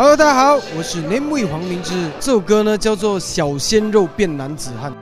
Hello，大家好，我是 Namewee 黃明志。這首歌呢叫做《小鮮肉變男子漢》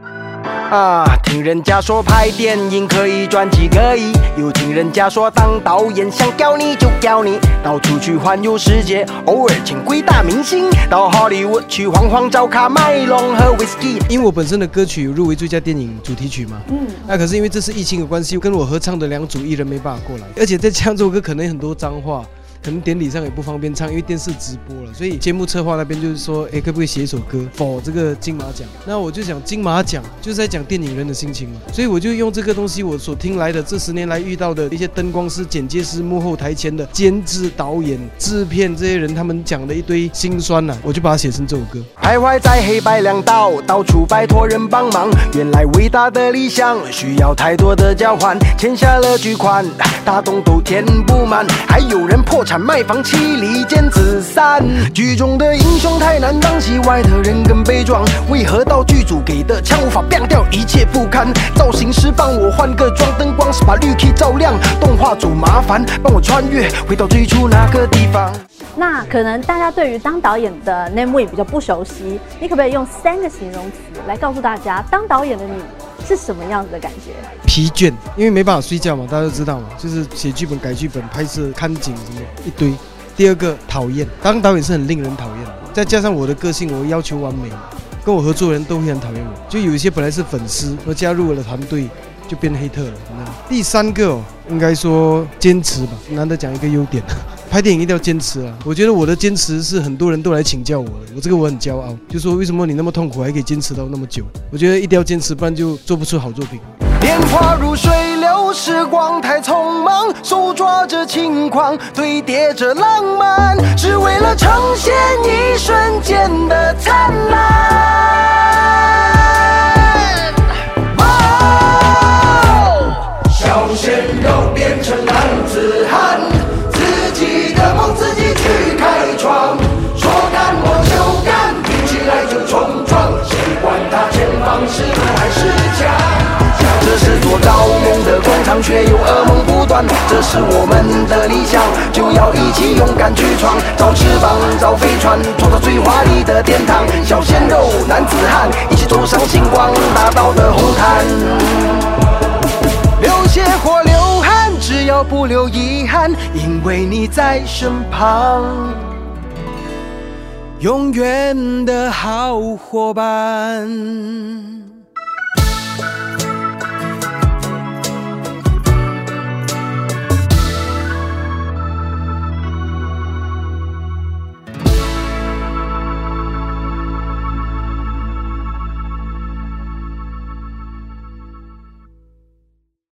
啊。聽人家說拍電影可以賺幾個億，又聽人家說當導演想叫你就叫你，到處去環遊世界，偶爾請回大明星到 Hollywood 去晃晃，找卡麥隆和 Whisky。因為我本身的歌曲有入圍最佳電影主題曲嘛，嗯，那可是因為這次疫情的關係，跟我合唱的兩組藝人沒辦法過來，而且在唱這首歌可能有很多髒話。可能典禮上也不方便唱，因為電視直播了，所以節目策劃那邊就是說，哎，可不可以寫一首歌，for，這個金馬獎？那我就想，金馬獎就是在講電影人的心情嘛，所以我就用這個東西，我所聽來的這十年來遇到的一些燈光師、剪接師、幕後台前的監製、導演、製片這些人，他們講的一堆辛酸吶、啊，我就把它寫成這首歌。徘徊在黑白兩道，到處拜托人幫忙。原來偉大的理想需要太多的交換，欠下了巨款，大洞都填不滿。還有人破產賣房，妻離子散。劇中的英雄太難當，戲外的人更悲壯。為何道具組給的槍無法變掉？一切不堪。造型師幫我換個裝，燈光師把綠 Key 照亮。動畫組麻煩幫我穿越，回到最初那個地方。那可能大家對於當導演的 Namewee 也比較不熟悉，你可不可以用三個形容詞來告訴大家，當導演的你是什麼樣子的感覺？疲倦，因為沒辦法睡覺嘛，大家都知道嘛，就是寫劇本、改劇本、拍攝、看景什麼一堆。第二個，討厭，當導演是很令人討厭的，再加上我的個性，我要求完美，跟我合作的人都會很討厭我，就有一些本來是粉絲，我加入我的團隊就變黑特了。第三個，應該說堅持吧，難得講一個優點。拍電影一定要堅持啊！我覺得我的堅持是很多人都來請教我的，我這個我很驕傲。就說，為什麼你那麼痛苦還可以堅持到那麼久？我覺得一定要堅持，不然就做不出好作品。年華如水流，時光太匆忙，手抓着輕狂，堆疊着浪漫，只為了呈現一瞬間的燦爛。哇哦！小鮮肉變成男子漢。卻有噩夢不斷，這是我們的理想，就要一起勇敢去闖。找翅膀，找飛船，創造最華麗的殿堂。小鮮肉，男子漢，一起走上星光大道的紅毯。流血或流汗，只要不留遺憾，因為你在身旁，永遠的好伙伴。